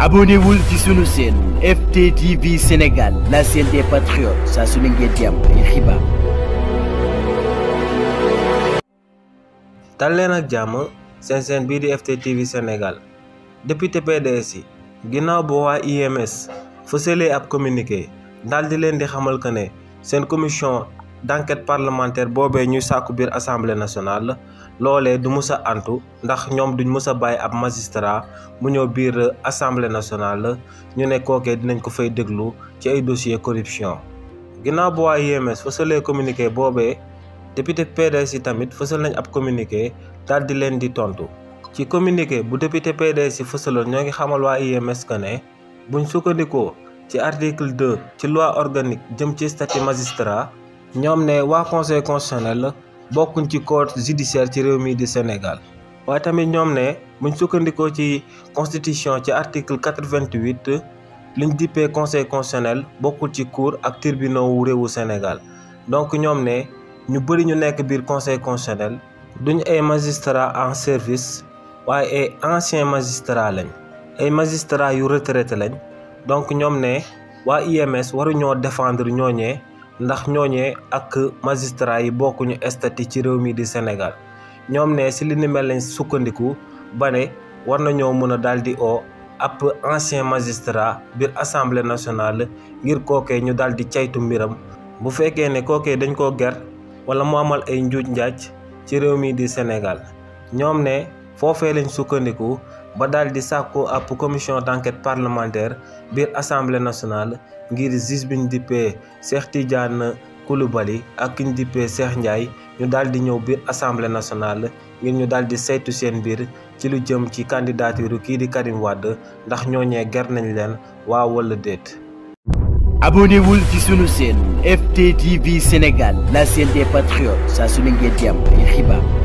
abonnez-vous sur notre chaîne FTTV Sénégal la chaîne des patriotes Ça, su ne ngeen di ak FTTV Sénégal député PDS yi Boa IMS fësalee ab communiqué daal di leen di xamal que ne seen commission d'enquête parlementaire boobee ñuy sàkku biir assemblée nationale loolee du mës a antu ndax ñoom duñ mës a bàyyi ab magistrat mu ñëw biir assemblée nationale ñu ne kookee dinañ ko fay déglu ci ay dossier corruption ginnaaw bu waa UMS fësalee communiqué boobee député PDS yi tamit fësal nañ ab communiqué daal di leen di tontu ci communiqué bu député PDS yi fësaloon ñoo ngi xamal waa UMS que ne buñ sukkandikoo ci article 2 ci loi organique jëm ci statut magistrat ñom né wa conseil constitutionnel bokkuñ ci corps judiciaire ci réew mi di Sénégal wa tamit ñom né buñ sukkandiko ci constitution ci article 88 liñ dippee conseil constitutionnel bokkul ci cour ak tribunal wu réewu Sénégal donc ñom né ñu bari ñu nekk biir conseil constitutionnel duñ ay magistrat en service waaye ay ancien magistrat lañ ay magistrat yu retraité lañ donc ñoom ne waa UMS waruñoo défendre ñooñee ndax ñooñee ak magistrat yi bokkuñu estati ci réew mii di Sénégal ñoom ne si li sukkandiku ba ne war nañoo mën a daal di oo ab ancien magistrat biir assemblée nationale ngir kookee ñu daal di caytu mbiram bu fekkee ne kookee dañ koo ger wala mu amal ay njuuj njaaj ci réew mii di Sénégal ñoom ne foofee lañ sukkandiku ba de di a pour commission d'enquête parlementaire bir assemblée nationale ngir zisbin dipé ñu Cheikh Tidiane koulibaly ak di assemblée nationale ngir ñu daal di saytu seen bir ci lu jëm ci candidature ki di Karim Wade ndax ñoñe ger nañ len vous ci sunu chaîne FTTV Sénégal la chaîne des patriotes ça su ne